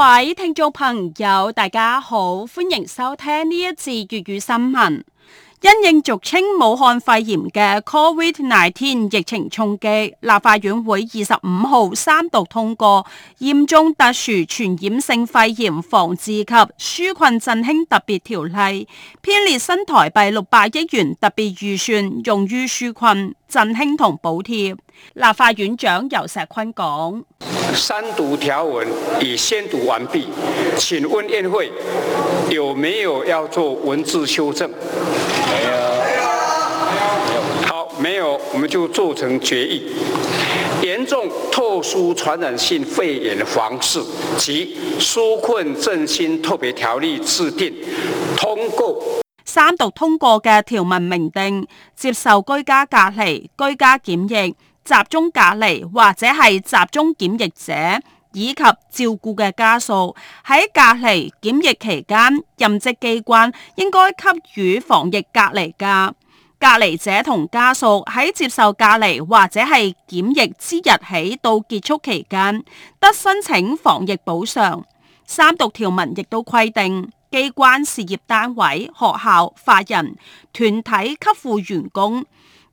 各位聽眾朋友，大家好，歡迎收聽呢一節粵語新聞。因應俗稱武漢肺炎嘅 COVID-19 疫情衝擊，立法院會二十五號三讀通過《嚴重特殊傳染性肺炎防治及紓困振興特別條例》，編列新台幣六百億元特別預算，用於紓困、振興同補貼。立法院長尤石坤講。三讀條文已宣讀完畢，請問院會有沒有要做文字修正？沒有、哎呀，沒有，好，沒有，我們就做成決議。嚴重特殊傳染性肺炎防治及紓困振興特別條例制定通過。三讀通過嘅條文明定接受居家隔離、居家檢疫。集中隔離或者係集中檢疫者以及照顧嘅家屬喺隔離檢疫期間，任職機關應該給予防疫隔離假。隔離者同家屬喺接受隔離或者係檢疫之日起到結束期間，得申請防疫補償。三讀條文亦都規定，機關事業單位、學校、法人、團體給付員工。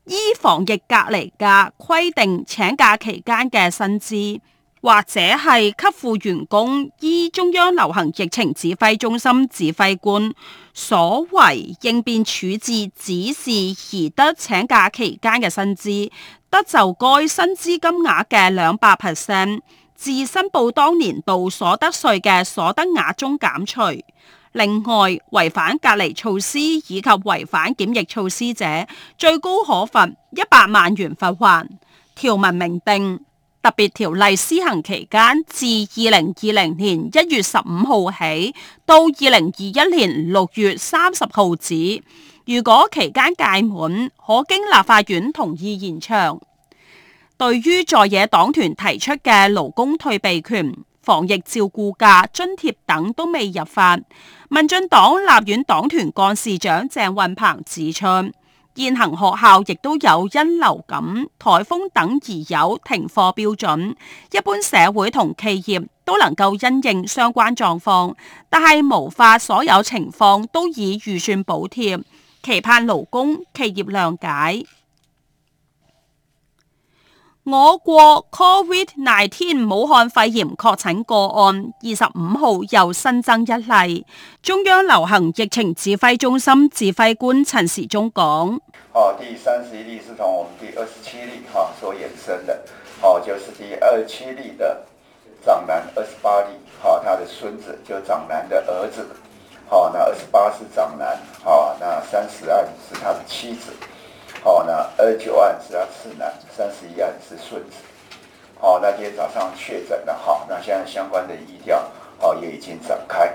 依防疫隔離假規定，請假期間嘅薪資，或者係給付員工依中央流行疫情指揮中心指揮官所為應變處置指示而得請假期間嘅薪資，得就該薪資金額嘅兩百 percent，自申報當年度所得稅嘅所得額中減除。另外，違反隔離措施以及違反檢疫措施者，最高可罰一百萬元罰鍰。條文明定，特別條例施行期間，自二零二零年一月十五號起到二零二一年六月三十號止。如果期間屆滿，可經立法院同意延長。對於在野黨團提出嘅勞工退避權。防疫照顧假津貼等都未入法。民進黨立院黨團幹事長鄭運鵬指出，現行學校亦都有因流感、颱風等而有停課標準，一般社會同企業都能夠因應相關狀況，但係無法所有情況都以預算補貼，期盼勞工企業諒解。我國 Covid 19武漢肺炎確診個案二十五號又新增一例，中央流行疫情指揮中心指揮官陳時中講：哦，第三十一例是從我們第二十七例哈所衍生的，哦就係、是、第二十七例的長男二十八例，哈他的孫子就長男的兒子，好那二十八是長男，好那三十二是他的妻子，好那二九二是他的次男。三十一案是順子，哦，那今天早上確診了，好、哦，那現在相關的疫調，哦，也已經展開。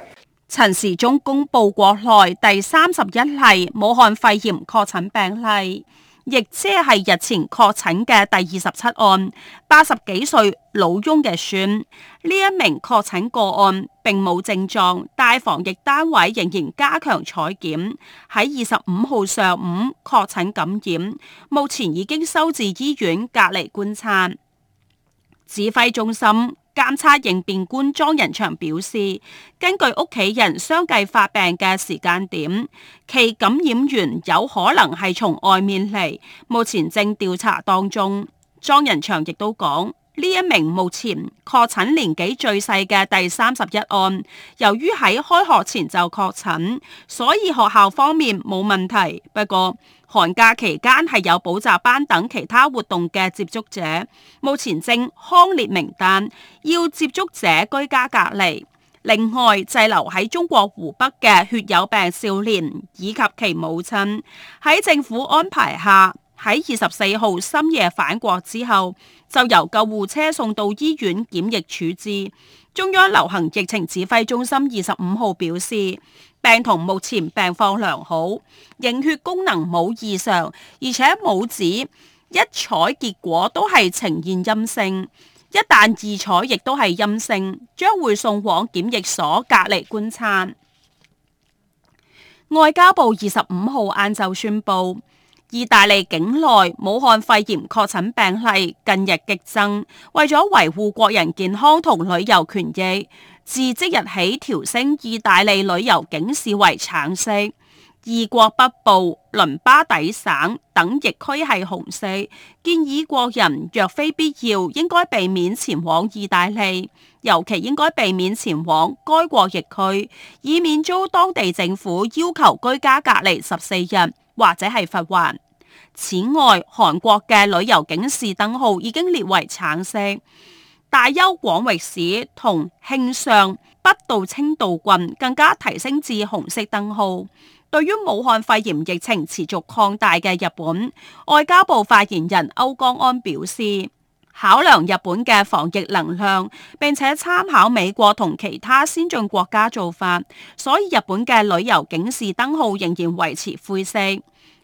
陳時中公布國內第三十一例武漢肺炎確診病例。亦即係日前確診嘅第二十七案，八十幾歲老翁嘅孫。呢一名確診個案並，並冇症狀，大防疫單位仍然加強採檢。喺二十五號上午確診感染，目前已經收治醫院隔離觀察。指揮中心。監測應變官莊人祥表示，根據屋企人相繼發病嘅時間點，其感染源有可能係從外面嚟，目前正調查當中。莊人祥亦都講。呢一名目前確診年紀最細嘅第三十一案，由於喺開學前就確診，所以學校方面冇問題。不過寒假期間係有補習班等其他活動嘅接觸者，目前正匡列名單，要接觸者居家隔離。另外滯留喺中國湖北嘅血友病少年以及其母親，喺政府安排下。喺二十四號深夜返國之後，就由救護車送到醫院檢疫處置。中央流行疫情指揮中心二十五號表示，病童目前病況良好，凝血功能冇異常，而且母子一採結果都係呈現陰性，一旦二採亦都係陰性，將會送往檢疫所隔離觀察。外交部二十五號晏晝宣布。意大利境內武漢肺炎確診病例近日激增，為咗維護國人健康同旅遊權益，自即日起調升意大利旅遊警示為橙色，意國北部倫巴底省等疫區係紅色，建議國人若非必要應該避免前往意大利，尤其應該避免前往該國疫區，以免遭當地政府要求居家隔離十四日。或者係佛還。此外，韓國嘅旅遊警示燈號已經列為橙色，大邱廣域市同慶尚北道清道郡更加提升至紅色燈號。對於武漢肺炎疫情持續擴大嘅日本，外交部發言人歐江安表示，考量日本嘅防疫能量，並且參考美國同其他先進國家做法，所以日本嘅旅遊警示燈號仍然維持灰色。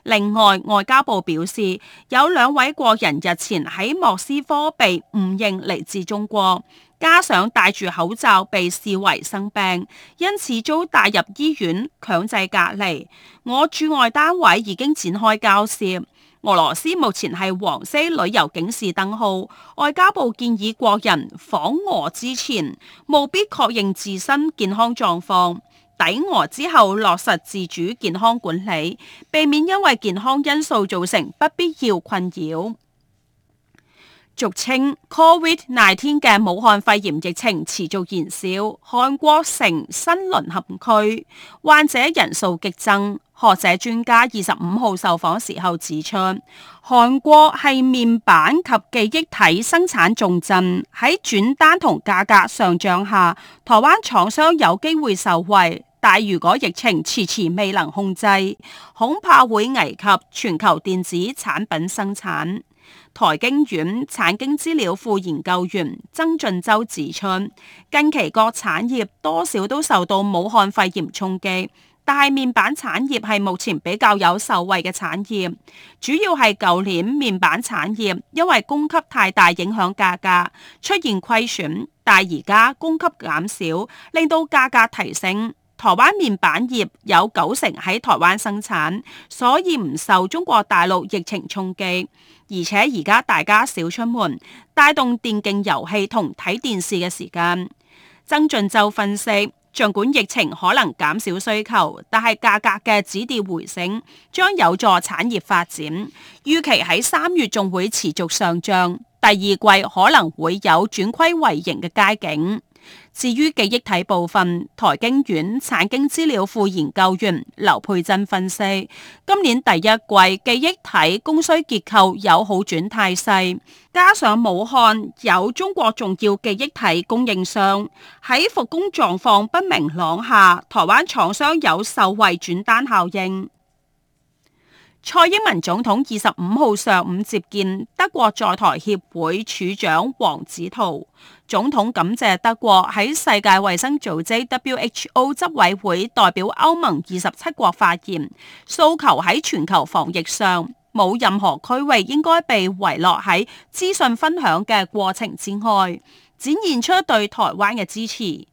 另外，外交部表示，有兩位國人日前喺莫斯科被誤認嚟自中國，加上戴住口罩被視為生病，因此遭帶入醫院強制隔離。我駐外單位已經展開交涉。俄羅斯目前係黃色旅遊警示燈號，外交部建議國人訪俄之前務必確認自身健康狀況。抵俄之後，落實自主健康管理，避免因為健康因素造成不必要困擾。俗稱，COVID-19 嘅武漢肺炎疫情持續延燒，韓國成新淪陷區，患者人數激增。學者專家二十五號受訪時候指出，韓國係面板及記憶體生產重鎮，喺轉單同價格上漲下，台灣廠商有機會受惠，但如果疫情遲遲未能控制，恐怕會危及全球電子產品生產。台經院產經資料庫研究員曾俊洲指出，近期各產業多少都受到武漢肺炎衝擊。但係面板產業係目前比較有受惠嘅產業，主要係舊年面板產業因為供給太大影響價格出現虧損，但而家供給減少令到價格提升。台灣面板業有九成喺台灣生產，所以唔受中國大陸疫情衝擊，而且而家大家少出門，帶動電競遊戲同睇電視嘅時間。曾俊洲分析。盡管疫情可能減少需求，但係價格嘅止跌回升將有助產業發展。預期喺三月仲會持續上漲，第二季可能會有轉虧為盈嘅佳境。至於記憶體部分，台經院產經資料庫研究員劉佩珍分析，今年第一季記憶體供需結構有好轉態勢，加上武漢有中國重要記憶體供應商喺復工狀況不明朗下，台灣廠商有受惠轉單效應。蔡英文總統二十五號上午接見德國在台協會處長王子陶。總統感謝德國喺世界衛生組織 WHO 執委會代表歐盟二十七國發言，訴求喺全球防疫上冇任何區域應該被遺落喺資訊分享嘅過程之外，展現出對台灣嘅支持。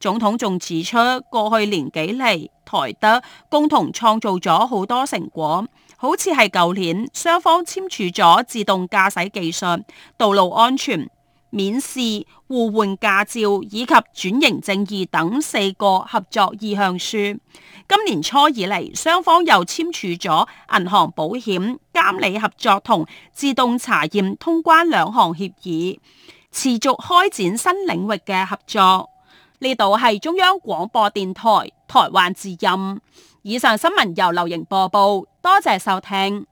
總統仲指出，過去年幾嚟台德共同創造咗好多成果。好似係舊年，雙方簽署咗自動駕駛技術、道路安全、免試互換駕照以及轉型正義等四個合作意向書。今年初以嚟，雙方又簽署咗銀行保險監理合作同自動查驗通關兩項協議，持續開展新領域嘅合作。呢度係中央廣播電台台灣之音。以上新聞由劉瑩播報，多謝收聽。